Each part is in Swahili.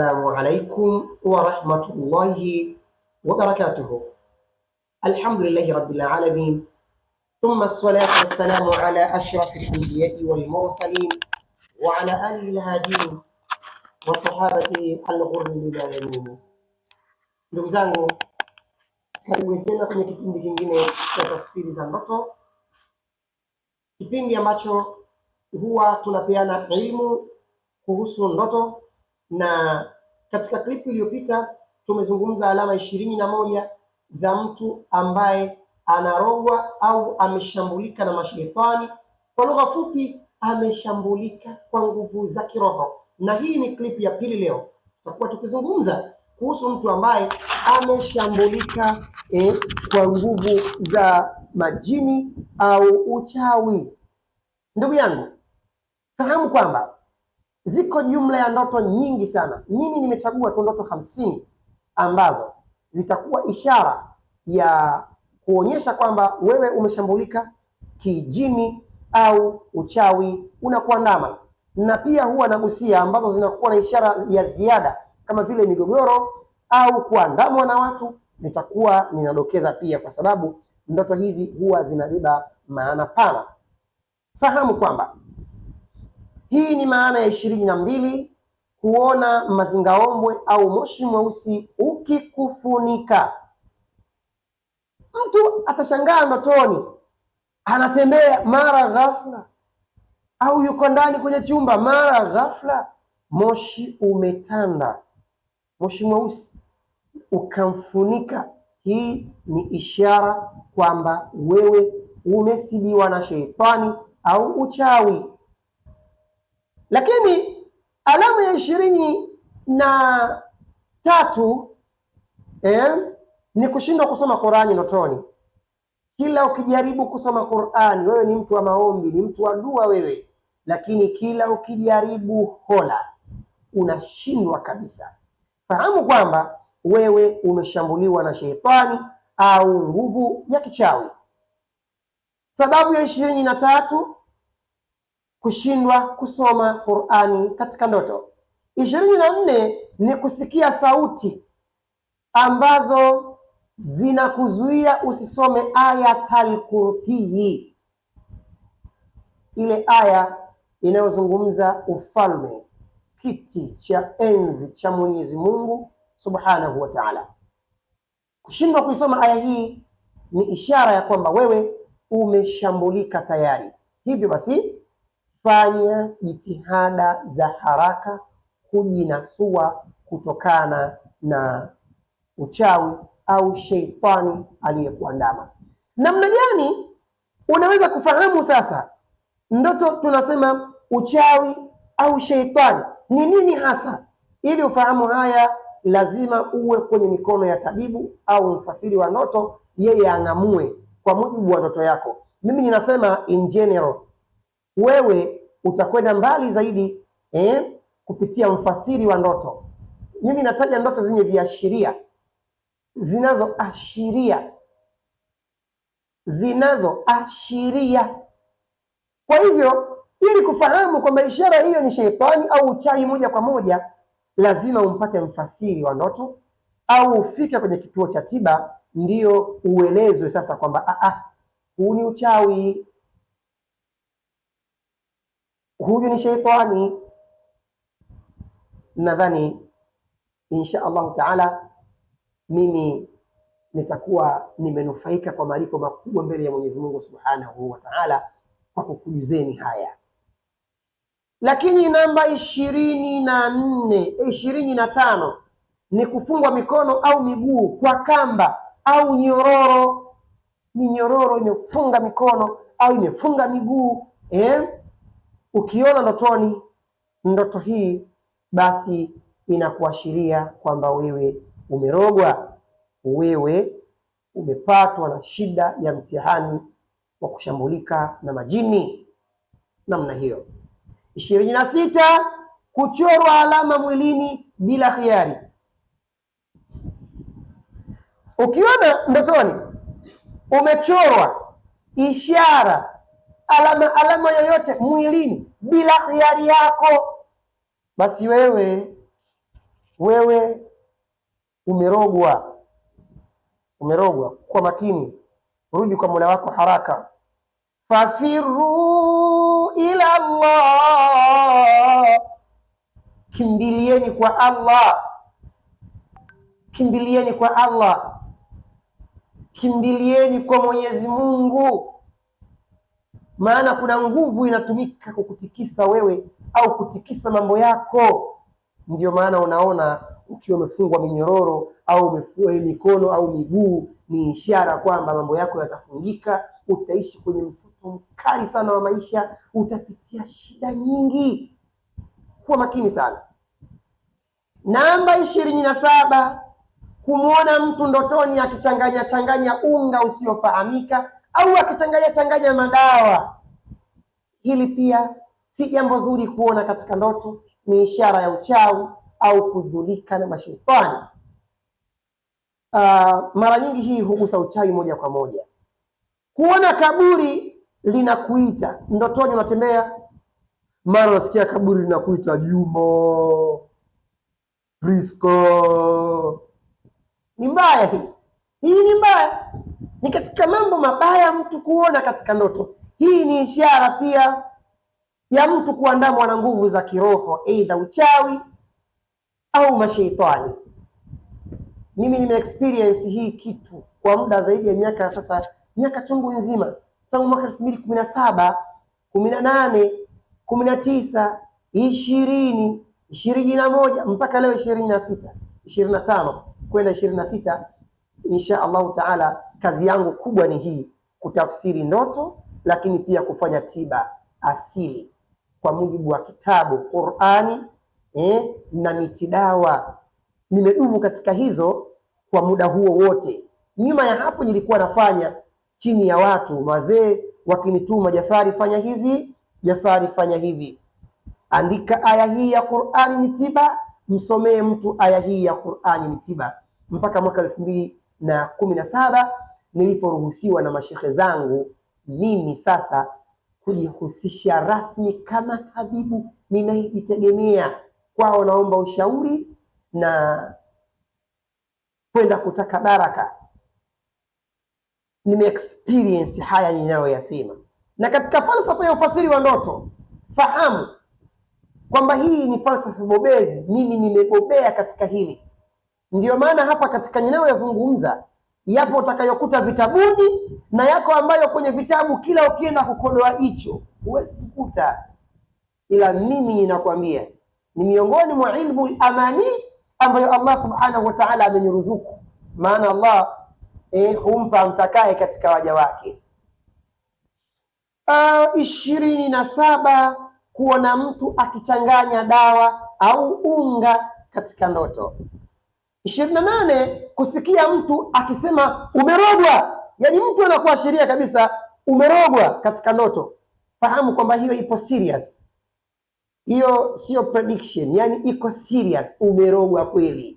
السلام عليكم ورحمة الله وبركاته الحمد لله رب العالمين ثم الصلاة والسلام على أشرف الأنبياء والمرسلين وعلى آله الهادين وصحابته الغر للعالمين يمينه ndugu zangu karibu tena kwenye kipindi kingine cha tafsiri za ndoto kipindi ambacho huwa tunapeana ilmu kuhusu ndoto na katika klipu iliyopita tumezungumza alama ishirini na moja za mtu ambaye anarogwa au ameshambulika na mashetani. Kwa lugha fupi, ameshambulika kwa nguvu za kiroho, na hii ni klipu ya pili. Leo tutakuwa tukizungumza kuhusu mtu ambaye ameshambulika eh, kwa nguvu za majini au uchawi. Ndugu yangu, fahamu kwamba Ziko jumla ya ndoto nyingi sana. Mimi nimechagua tu ndoto hamsini ambazo zitakuwa ishara ya kuonyesha kwamba wewe umeshambulika kijini au uchawi unakuandama, na pia huwa nagusia ambazo zinakuwa na ishara ya ziada kama vile migogoro au kuandamwa na watu, nitakuwa ninadokeza pia, kwa sababu ndoto hizi huwa zinabeba maana pana. Fahamu kwamba hii ni maana ya ishirini na mbili. mazinga mazingaombwe au moshi mweusi ukikufunika. Mtu atashangaa ndotoni anatembea mara ghafla, au yuko ndani kwenye chumba mara ghafla moshi umetanda, moshi mweusi ukamfunika. Hii ni ishara kwamba wewe umesibiwa na sheitani au uchawi. Lakini alama ya ishirini na tatu eh, ni kushindwa kusoma Qur'ani notoni. Kila ukijaribu kusoma Qur'ani, wewe ni mtu wa maombi, ni mtu wa dua wewe, lakini kila ukijaribu hola, unashindwa kabisa. Fahamu kwamba wewe umeshambuliwa na sheitani au nguvu ya kichawi. Sababu ya ishirini na tatu kushindwa kusoma Qur'ani katika ndoto. Ishirini na nne ni kusikia sauti ambazo zinakuzuia usisome Ayatul Kursi, ile aya inayozungumza ufalme, kiti cha enzi cha Mwenyezi Mungu Subhanahu wa Ta'ala. Kushindwa kuisoma aya hii ni ishara ya kwamba wewe umeshambulika tayari. Hivyo basi fanya jitihada za haraka kujinasua kutokana na uchawi au sheitani aliyekuandama. Namna gani unaweza kufahamu sasa ndoto tunasema uchawi au sheitani ni nini hasa? Ili ufahamu haya, lazima uwe kwenye mikono ya tabibu au mfasiri wa ndoto, yeye ang'amue kwa mujibu wa ndoto yako. Mimi ninasema in general wewe utakwenda mbali zaidi eh, kupitia mfasiri wa ndoto. Mimi nataja ndoto zenye viashiria zinazoashiria zinazoashiria. Kwa hivyo, ili kufahamu kwamba ishara hiyo ni sheitani au uchawi moja kwa moja, lazima umpate mfasiri wa ndoto au ufike kwenye kituo cha tiba, ndiyo uelezwe sasa kwamba ah, ah, huu ni uchawi huyu ni sheitani. Nadhani insha Allahu taala mimi nitakuwa nimenufaika kwa malipo makubwa mbele ya Mwenyezi Mungu Subhanahu wa Ta'ala kwa kukujuzeni haya. Lakini namba ishirini na nne ishirini na tano ni kufungwa mikono au miguu kwa kamba au nyororo. Ni nyororo imefunga mikono au imefunga miguu eh? Ukiona ndotoni ndoto hii, basi inakuashiria kwamba wewe umerogwa, wewe umepatwa na shida ya mtihani wa kushambulika na majini namna hiyo. ishirini na sita kuchorwa alama mwilini bila khiari. Ukiona ndotoni umechorwa ishara alama, alama yoyote mwilini bila hiari yako, basi wewe wewe umerogwa, umerogwa. Kwa makini, rudi kwa Mola wako haraka. Fafiru ila Allah, kimbilieni kwa Allah, kimbilieni kwa Allah, kimbilieni kwa Mwenyezi Mungu maana kuna nguvu inatumika kukutikisa wewe au kutikisa mambo yako. ndio maana unaona ukiwa umefungwa minyororo au umefungwa mikono au miguu, ni ishara kwamba mambo yako yatafungika. Utaishi kwenye msoto mkali sana wa maisha, utapitia shida nyingi. Kuwa makini sana. Namba ishirini na saba, kumwona mtu ndotoni akichanganya changanya unga usiofahamika au akichanganya changanya madawa. Hili pia si jambo zuri kuona katika ndoto, ni ishara ya uchawi au kudhulika na mashetani. Uh, mara nyingi hii hugusa uchawi moja kwa moja. Kuona kaburi linakuita ndotoni, unatembea mara unasikia kaburi linakuita, Juma, Prisco, ni mbaya hii, hii ni mbaya. Ni katika mambo mabaya mtu kuona katika ndoto. Hii ni ishara pia ya mtu kuandamwa na nguvu za kiroho, aidha uchawi au masheitani. Mimi nime experience hii kitu kwa muda zaidi ya miaka sasa, miaka chungu nzima, tangu mwaka elfu mbili kumi na saba kumi na nane kumi na tisa ishirini ishirini na moja mpaka leo ishirini na sita ishirini na tano kwenda ishirini na sita insha Allahu taala kazi yangu kubwa ni hii, kutafsiri ndoto, lakini pia kufanya tiba asili kwa mujibu wa kitabu Qur'ani, eh, na mitidawa. Nimedumu katika hizo kwa muda huo wote. Nyuma ya hapo nilikuwa nafanya chini ya watu wazee wakinituma, Jafari fanya hivi, Jafari fanya hivi, andika aya hii ya Qur'ani ni tiba, msomee mtu aya hii ya Qur'ani ni tiba, mpaka mwaka elfu mbili na kumi na saba niliporuhusiwa na mashehe zangu mimi sasa kujihusisha rasmi kama tabibu ninayejitegemea. Kwao naomba ushauri na kwenda kutaka baraka. Nime experience haya ninayoyasema, na katika falsafa ya ufasiri wa ndoto fahamu kwamba hii ni falsafa bobezi. Mimi nimebobea katika hili, ndiyo maana hapa katika ninayoyazungumza yapo utakayokuta vitabuni na yako ambayo kwenye vitabu kila ukienda kukodoa hicho huwezi kukuta, ila mimi ninakwambia ni miongoni mwa ilmu amani ambayo Allah subhanahu wa ta'ala ameniruzuku. Maana Allah eh, humpa mtakaye katika waja wake. Ah, ishirini na saba, kuona mtu akichanganya dawa au unga katika ndoto ishirini na nane kusikia mtu akisema umerogwa, yani mtu anakuashiria kabisa umerogwa katika ndoto, fahamu kwamba hiyo ipo serious. Hiyo sio prediction, yani iko serious, umerogwa kweli.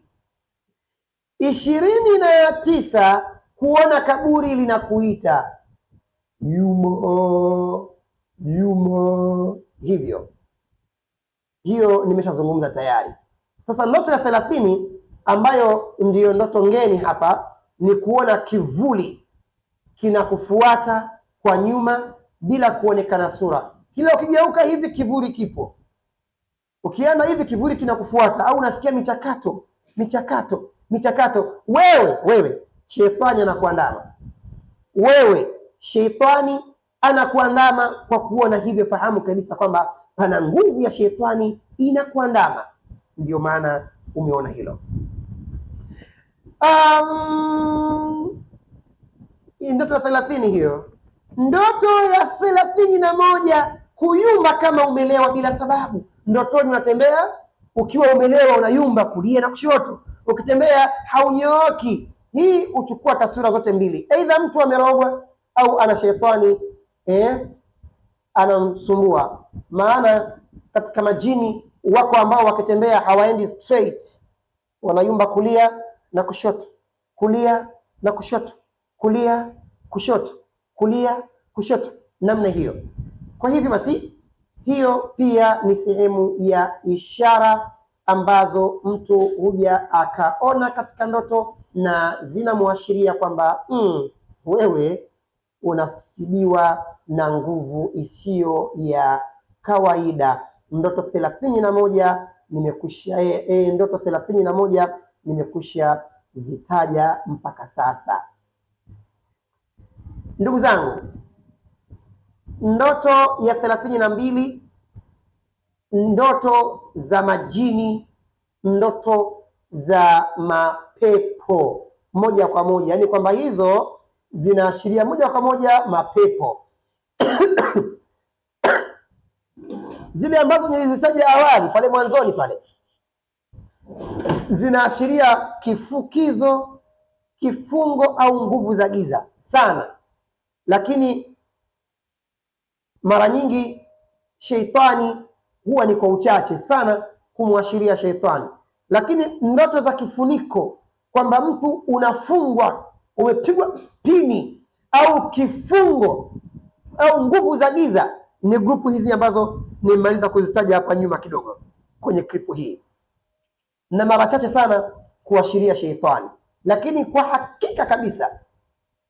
ishirini na tisa kuona kaburi linakuita yumo yumo, hivyo hiyo nimeshazungumza tayari. Sasa ndoto ya thelathini ambayo ndiyo ndoto ngeni hapa ni kuona kivuli kinakufuata kwa nyuma bila kuonekana sura. Kila ukigeuka hivi kivuli kipo, ukienda hivi kivuli kinakufuata, au unasikia michakato michakato michakato. Wewe wewe, shetani anakuandama wewe, shetani anakuandama kwa kuona hivyo. Fahamu kabisa kwamba pana nguvu ya shetani inakuandama, ndiyo maana umeona hilo um, ndoto ya thelathini hiyo, ndoto ya thelathini na moja kuyumba kama umelewa bila sababu. Ndotoni unatembea ukiwa umelewa, unayumba kulia na kushoto, ukitembea haunyooki. Hii huchukua taswira zote mbili, aidha mtu amerogwa au ana shetani eh, anamsumbua. Maana katika majini wako ambao wakitembea hawaendi straight, wanayumba kulia na kushoto, kulia na kushoto, kulia kushoto, kulia kushoto, namna hiyo. Kwa hivyo basi, hiyo pia ni sehemu ya ishara ambazo mtu huja akaona katika ndoto na zinamwashiria kwamba mm, wewe unasibiwa na nguvu isiyo ya kawaida. Ndoto thelathini na moja nimekushia e, e, ndoto thelathini na moja nimekusha zitaja mpaka sasa. Ndugu zangu, ndoto ya thelathini na mbili, ndoto za majini, ndoto za mapepo moja kwa moja, yaani kwamba hizo zinaashiria moja kwa moja mapepo zile ambazo nilizitaja awali pale mwanzoni pale zinaashiria kifukizo, kifungo au nguvu za giza sana, lakini mara nyingi sheitani huwa ni kwa uchache sana kumwashiria sheitani. Lakini ndoto za kifuniko, kwamba mtu unafungwa, umepigwa pini au kifungo au nguvu za giza, ni grupu hizi ambazo nimemaliza kuzitaja hapa nyuma kidogo kwenye klipu hii na mara chache sana kuashiria sheitani, lakini kwa hakika kabisa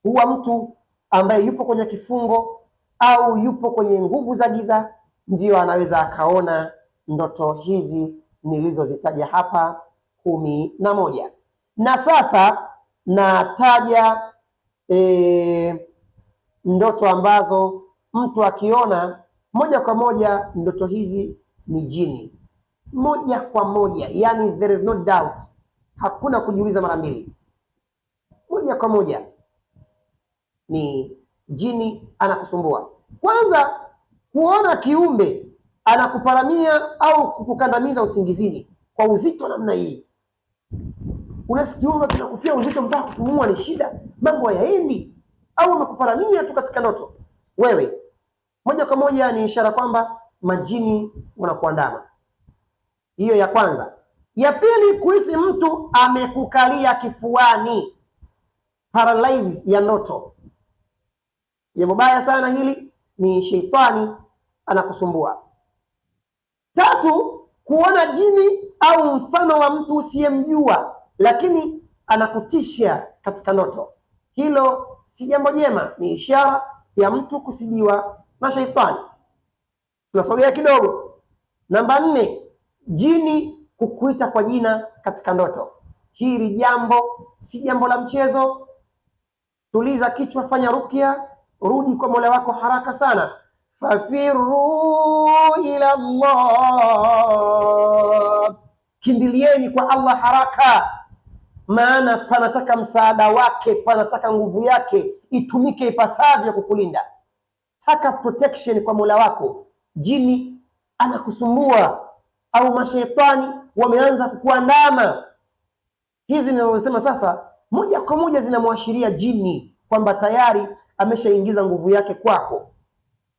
huwa mtu ambaye yupo kwenye kifungo au yupo kwenye nguvu za giza ndiyo anaweza akaona ndoto hizi nilizozitaja hapa kumi na moja. Na sasa nataja e, ndoto ambazo mtu akiona moja kwa moja ndoto hizi ni jini moja kwa moja, yani there is no doubt, hakuna kujiuliza mara mbili, moja kwa moja ni jini anakusumbua. Kwanza kuona kiumbe anakuparamia au kukukandamiza usingizini kwa uzito namna hii, unasikia kiumbe kinakutia uzito mpaka kupumua ni shida, mambo hayaendi, au amekuparamia tu katika ndoto wewe, moja kwa moja ni ishara kwamba majini wanakuandama. Hiyo ya kwanza. Ya pili, kuhisi mtu amekukalia kifuani, paralysis ya ndoto. Jambo baya sana hili, ni sheitani anakusumbua. Tatu, kuona jini au mfano wa mtu usiyemjua, lakini anakutisha katika ndoto. Hilo si jambo jema, ni ishara ya mtu kusibiwa na sheitani. Tunasogea kidogo, namba nne jini kukuita kwa jina katika ndoto. Hili jambo si jambo la mchezo. Tuliza kichwa, fanya rukia, rudi kwa Mola wako haraka sana. Fafiru ila Allah, kimbilieni kwa Allah haraka, maana panataka msaada wake, panataka nguvu yake itumike ipasavyo kukulinda. Taka protection kwa Mola wako. Jini anakusumbua au mashetani wameanza kukuandama. Hizi ninazosema sasa moja kwa moja zinamwashiria jini kwamba tayari ameshaingiza nguvu yake kwako.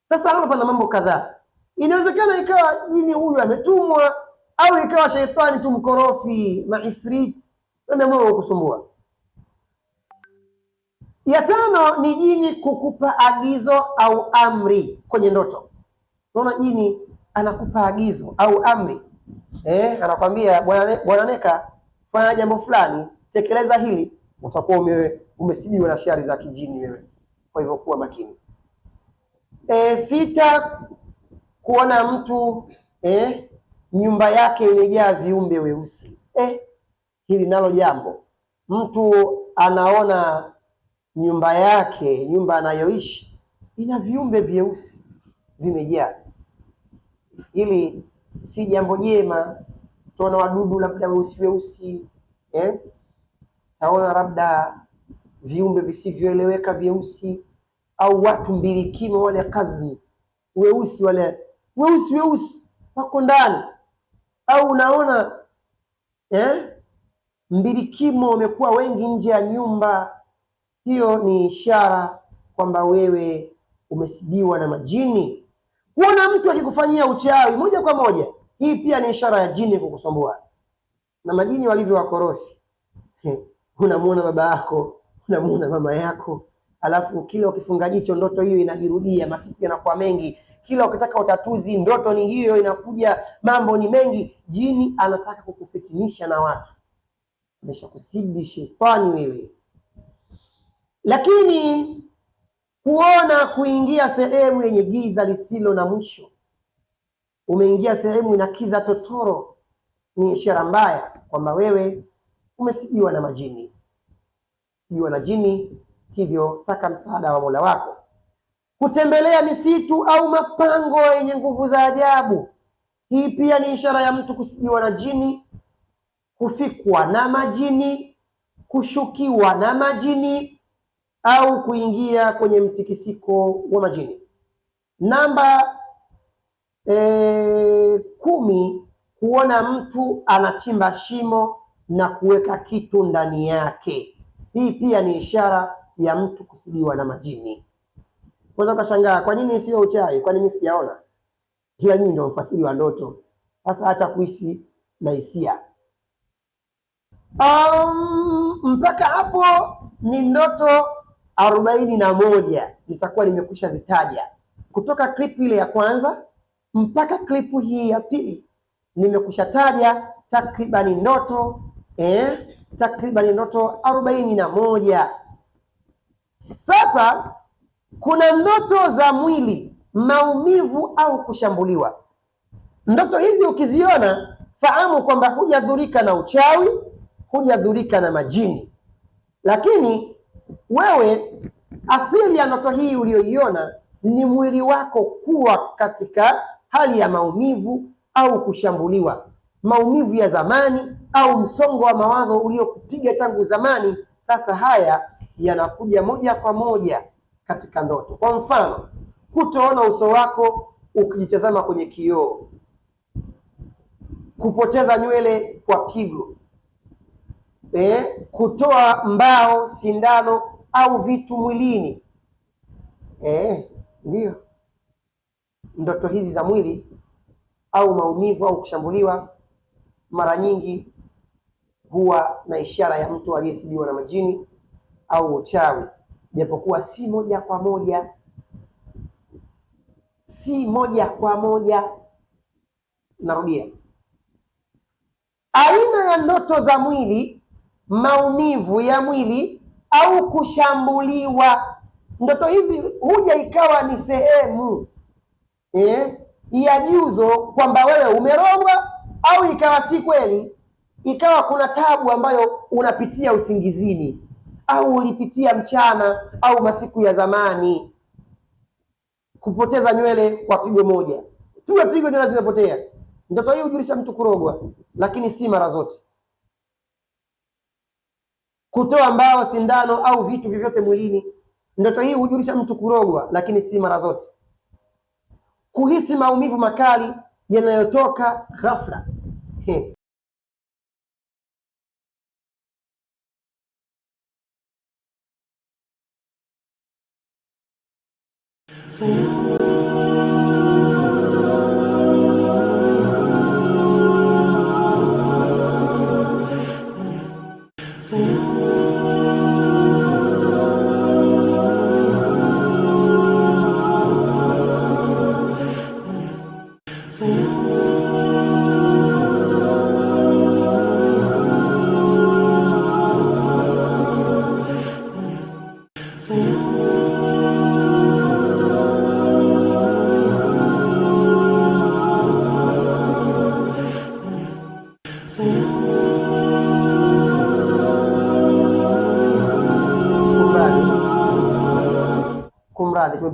Sasa hapa pana mambo kadhaa, inawezekana ikawa jini huyu ametumwa au ikawa shetani tu mkorofi maifriti ameamua kukusumbua. Ya tano ni jini kukupa agizo au amri kwenye ndoto. Unaona, jini anakupa agizo au amri eh, anakwambia bwana bwana Neka, fanya jambo fulani, tekeleza hili, utakuwa ume, umesibiwa na shari za kijini wewe. Kwa hivyo kuwa makini. E, sita, kuona mtu eh, nyumba yake imejaa viumbe weusi eh, hili nalo jambo. Mtu anaona nyumba yake, nyumba anayoishi ina viumbe vyeusi vimejaa, hili si jambo jema. Utaona wadudu labda weusi weusi, eh? Taona labda viumbe visivyoeleweka vyeusi, au watu mbilikimo wale kazni weusi wale weusi weusi wako ndani, au unaona eh? mbilikimo wamekuwa wengi nje ya nyumba. Hiyo ni ishara kwamba wewe umesibiwa na majini. Kuona mtu akikufanyia uchawi moja kwa moja hii pia ni ishara ya jini kukusumbua, na majini walivyo wakorofi. Unamuona baba yako, unamuona mama yako, alafu kila ukifunga jicho ndoto hiyo inajirudia, masiku yanakuwa mengi. Kila ukitaka utatuzi, ndoto ni hiyo inakuja, mambo ni mengi. Jini anataka kukufitinisha na watu, ameshakusibi shetani wewe. Lakini kuona kuingia sehemu yenye giza lisilo na mwisho Umeingia sehemu ina kiza totoro, ni ishara mbaya kwamba wewe umesibiwa na majini, sibiwa na jini. Hivyo taka msaada wa Mola wako. Kutembelea misitu au mapango yenye nguvu za ajabu, hii pia ni ishara ya mtu kusibiwa na jini, kufikwa na majini, kushukiwa na majini au kuingia kwenye mtikisiko wa majini. Namba e, kumi kuona mtu anachimba shimo na kuweka kitu ndani yake. Hii pia ni ishara ya mtu kusibiwa na majini. Kwanza ukashangaa kwa nini sio uchawi? Kwani nini sijaona? Ila nyinyi ndio mfasiri wa ndoto. Sasa acha kuishi na hisia. Um, mpaka hapo ni ndoto arobaini na moja nitakuwa nimekusha zitaja kutoka klipu ile ya kwanza mpaka klipu hii ya pili nimekushataja takribani ndoto eh, takribani ndoto arobaini na moja. Sasa kuna ndoto za mwili, maumivu au kushambuliwa. Ndoto hizi ukiziona, fahamu kwamba hujadhurika na uchawi, hujadhurika na majini, lakini wewe asili ya ndoto hii uliyoiona ni mwili wako kuwa katika hali ya maumivu au kushambuliwa, maumivu ya zamani au msongo wa mawazo uliokupiga tangu zamani. Sasa haya yanakuja moja kwa moja katika ndoto. Kwa mfano, kutoona uso wako ukijitazama kwenye kioo, kupoteza nywele kwa pigo, eh, kutoa mbao, sindano au vitu mwilini, eh, ndio ndoto hizi za mwili au maumivu au kushambuliwa, mara nyingi huwa na ishara ya mtu aliyesibiwa na majini au uchawi, japokuwa si moja kwa moja, si moja kwa moja. Narudia, aina ya ndoto za mwili, maumivu ya mwili au kushambuliwa. Ndoto hizi huja ikawa ni sehemu eh, ya juzo kwamba wewe umerogwa au ikawa si kweli, ikawa kuna tabu ambayo unapitia usingizini au ulipitia mchana au masiku ya zamani, kupoteza nywele kwa pigo moja tuwe pigo nywele zimepotea. Ndoto hii hujulisha mtu kurogwa, lakini si mara zote. Kutoa mbao, sindano au vitu vyovyote mwilini, ndoto hii hujulisha mtu kurogwa, lakini si mara zote kuhisi maumivu makali yanayotoka ghafla. He.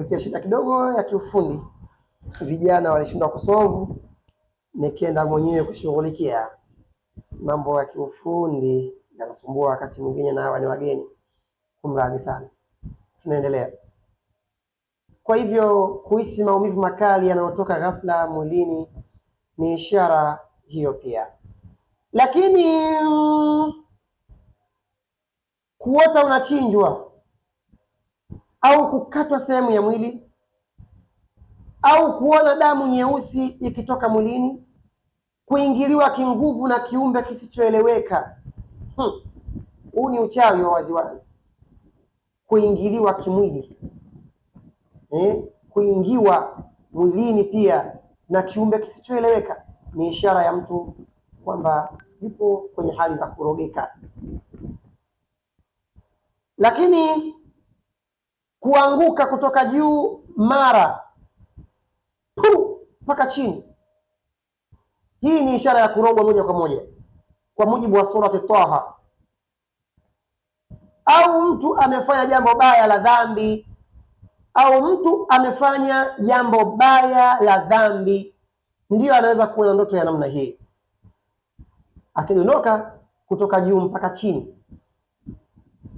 kupitia shida kidogo ya kiufundi, vijana walishindwa kusolve, nikienda mwenyewe kushughulikia mambo ya kiufundi yanasumbua wakati mwingine, na hawa ni wageni, kumradhi sana. Tunaendelea. Kwa hivyo kuhisi maumivu makali yanayotoka ghafla mwilini ni ishara hiyo pia, lakini mm, kuota unachinjwa au kukatwa sehemu ya mwili au kuona damu nyeusi ikitoka mwilini, kuingiliwa kinguvu na kiumbe kisichoeleweka. Hmm. Huu hmm, ni uchawi wa waziwazi, kuingiliwa kimwili eh, kuingiwa mwilini pia na kiumbe kisichoeleweka ni ishara ya mtu kwamba yupo kwenye hali za kurogeka, lakini kuanguka kutoka juu mara pu mpaka chini. Hii ni ishara ya kurogwa moja kwa moja kwa mujibu wa surati Taha. Au mtu amefanya jambo baya la dhambi, au mtu amefanya jambo baya la dhambi, ndiyo anaweza kuona ndoto ya namna hii, akidondoka kutoka juu mpaka chini,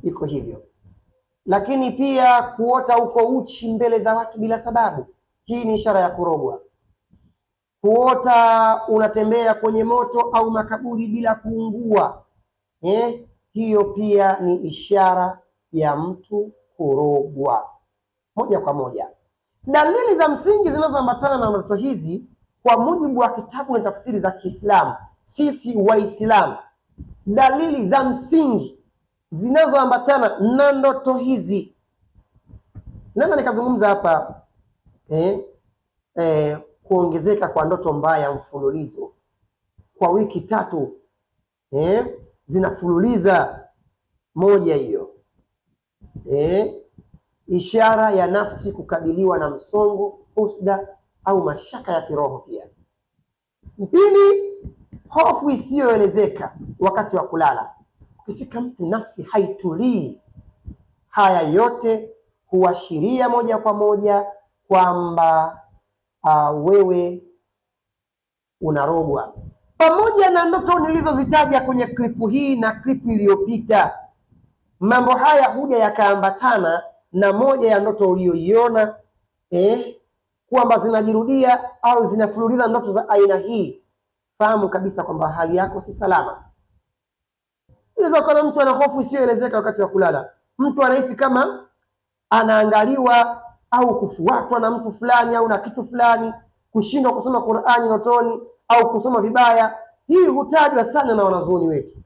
iko hivyo lakini pia kuota uko uchi mbele za watu bila sababu, hii ni ishara ya kurogwa. Kuota unatembea kwenye moto au makaburi bila kuungua, eh, hiyo pia ni ishara ya mtu kurogwa moja kwa moja. Dalili za msingi zinazoambatana na ndoto hizi kwa mujibu wa kitabu na tafsiri za Kiislamu, sisi Waislamu, dalili za msingi zinazoambatana na ndoto hizi. Naweza nikazungumza hapa eh, eh, kuongezeka kwa ndoto mbaya mfululizo kwa wiki tatu eh, zinafululiza moja hiyo eh, ishara ya nafsi kukabiliwa na msongo, husda au mashaka ya kiroho. Pia pili, hofu isiyoelezeka wakati wa kulala kufika mtu nafsi haitulii. Haya yote huashiria moja kwa moja kwamba uh, wewe unarogwa, pamoja na ndoto nilizozitaja kwenye klipu hii na klipu iliyopita. Mambo haya huja yakaambatana na moja ya ndoto uliyoiona eh, kwamba zinajirudia au zinafululiza ndoto za aina hii, fahamu kabisa kwamba hali yako si salama. Inaweza kuwa mtu ana hofu isiyoelezeka wakati wa kulala, mtu anahisi kama anaangaliwa au kufuatwa na mtu fulani au na kitu fulani, kushindwa kusoma Qur'ani notoni au kusoma vibaya. Hii hutajwa sana na wanazuoni wetu,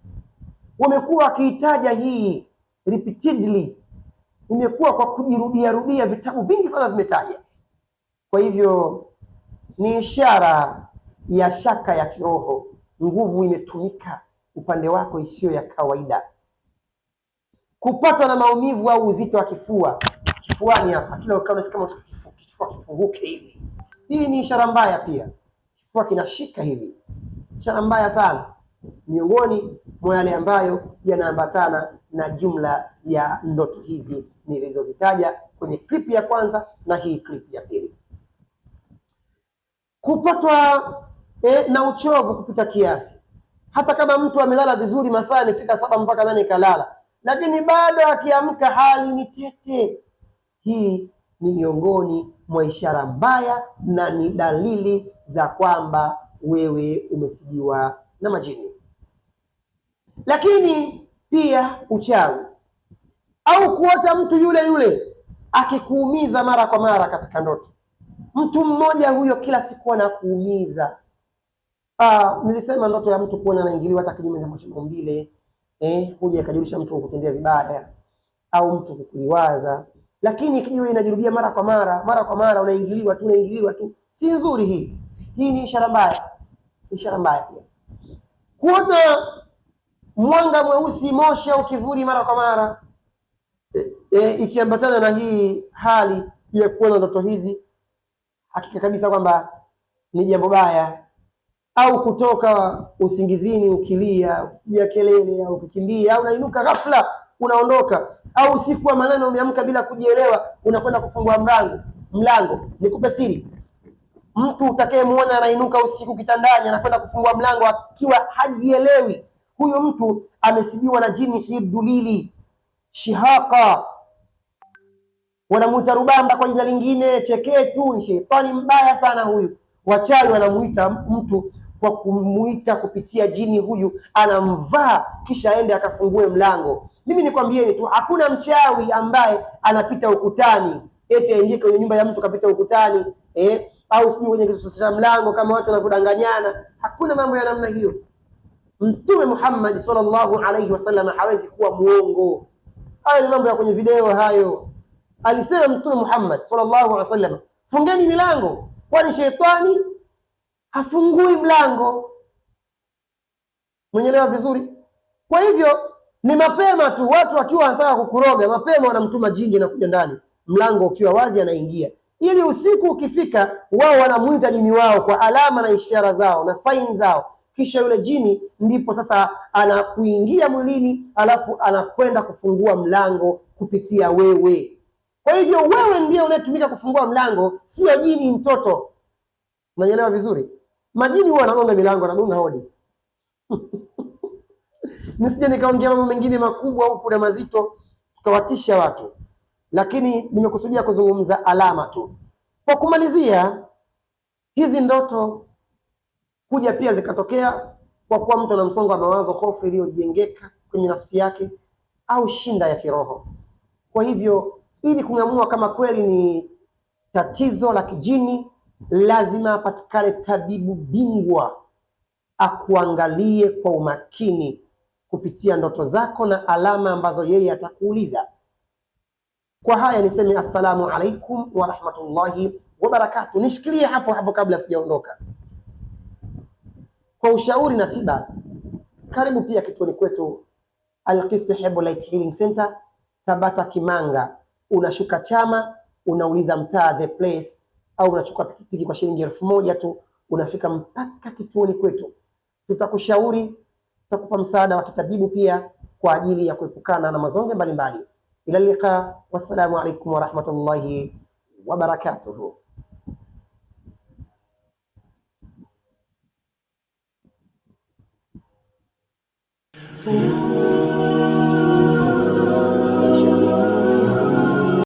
wamekuwa wakiitaja hii repeatedly, imekuwa kwa kujirudia rudia, vitabu vingi sana vimetaja. Kwa hivyo ni ishara ya shaka ya kiroho, nguvu imetumika upande wako isiyo ya kawaida, kupatwa na maumivu au uzito wa kifua kifuani hapa, kila ukao unasikia kama kifua kifunguke hivi. Hii ni ishara mbaya pia, kifua kinashika hivi, ishara mbaya sana, miongoni mwa yale ambayo yanaambatana na jumla ya ndoto hizi nilizozitaja kwenye klipu ya kwanza na hii klipu ya pili. Kupatwa eh, na uchovu kupita kiasi hata kama mtu amelala vizuri masaa yamefika saba mpaka nane kalala, lakini bado akiamka hali ni tete. Hii ni miongoni mwa ishara mbaya na ni dalili za kwamba wewe umesijiwa na majini. Lakini pia uchawi au kuota mtu yule yule akikuumiza mara kwa mara katika ndoto. Mtu mmoja huyo kila siku anakuumiza Ah, nilisema ndoto ya mtu kuona anaingiliwa hata kinyume na maumbile eh, huja akajulisha mtu kukutendea vibaya au mtu kukuliwaza, lakini ikiwa inajirudia mara kwa mara mara kwa mara, unaingiliwa tu unaingiliwa tu, si nzuri hii. Hii ni ishara mbaya, ishara mbaya pia. Kuona mwanga mweusi, moshi au kivuli mara kwa mara e, e, ikiambatana na hii hali ya kuona ndoto hizi, hakika kabisa kwamba ni jambo baya au kutoka usingizini ukilia, ya kelele au ukikimbia au unainuka ghafla unaondoka, au usiku wa manane umeamka bila kujielewa, unakwenda kufungua mlango mlango. Nikupe siri, mtu utakayemuona anainuka usiku kitandani anakwenda kufungua mlango akiwa hajielewi, huyu mtu amesibiwa na jini hidulili shihaka wanamuita rubamba kwa jina lingine, cheketu, ni shetani mbaya sana huyu. Wachawi wanamuita mtu kwa kumuita kupitia jini huyu, anamvaa kisha aende akafungue mlango. Mimi nikwambieni tu, hakuna mchawi ambaye anapita ukutani eti aingie kwenye nyumba ya mtu kapita ukutani eh, au sijui kwenye kisu cha mlango kama watu wanavyodanganyana. Hakuna mambo ya namna hiyo. Mtume Muhammad sallallahu alaihi wasallam hawezi kuwa muongo. Hayo ni mambo ya kwenye video hayo. Alisema Mtume Muhammad sallallahu alaihi wasallam, fungeni milango, kwani shetani hafungui mlango. Mwenyelewa vizuri. Kwa hivyo ni mapema tu, watu wakiwa wanataka kukuroga mapema, wanamtuma jini na kuja ndani, mlango ukiwa wazi anaingia, ili usiku ukifika, wao wanamwita jini wao kwa alama na ishara zao na saini zao kisha yule jini ndipo sasa anakuingia mwilini, alafu anakwenda kufungua mlango kupitia wewe. Kwa hivyo wewe ndiye unayetumika kufungua mlango, sio jini mtoto. Unanielewa vizuri? Majini huwa anagonga milango, anagonga hodi nisije nikaongea mambo mengine makubwa huku na mazito tukawatisha watu, lakini nimekusudia kuzungumza alama tu. Kwa kumalizia, hizi ndoto kuja pia zikatokea kwa kuwa mtu ana msongo wa mawazo, hofu iliyojengeka kwenye nafsi yake au shinda ya kiroho. Kwa hivyo, ili kung'amua kama kweli ni tatizo la kijini lazima apatikane tabibu bingwa akuangalie kwa umakini kupitia ndoto zako na alama ambazo yeye atakuuliza. Kwa haya niseme assalamu alaikum wa rahmatullahi wa barakatuh. Nishikilie hapo hapo kabla sijaondoka. Kwa ushauri na tiba, karibu pia kituoni kwetu Alqist Herbal Healing Center Tabata Kimanga. Unashuka Chama, unauliza mtaa the place au unachukua pikipiki kwa shilingi elfu moja tu unafika mpaka kituoni kwetu. Tutakushauri, tutakupa msaada wa kitabibu pia kwa ajili ya kuepukana na mazonge mbalimbali. Ila lika, wassalamu alaikum warahmatullahi wabarakatuhu. Oh.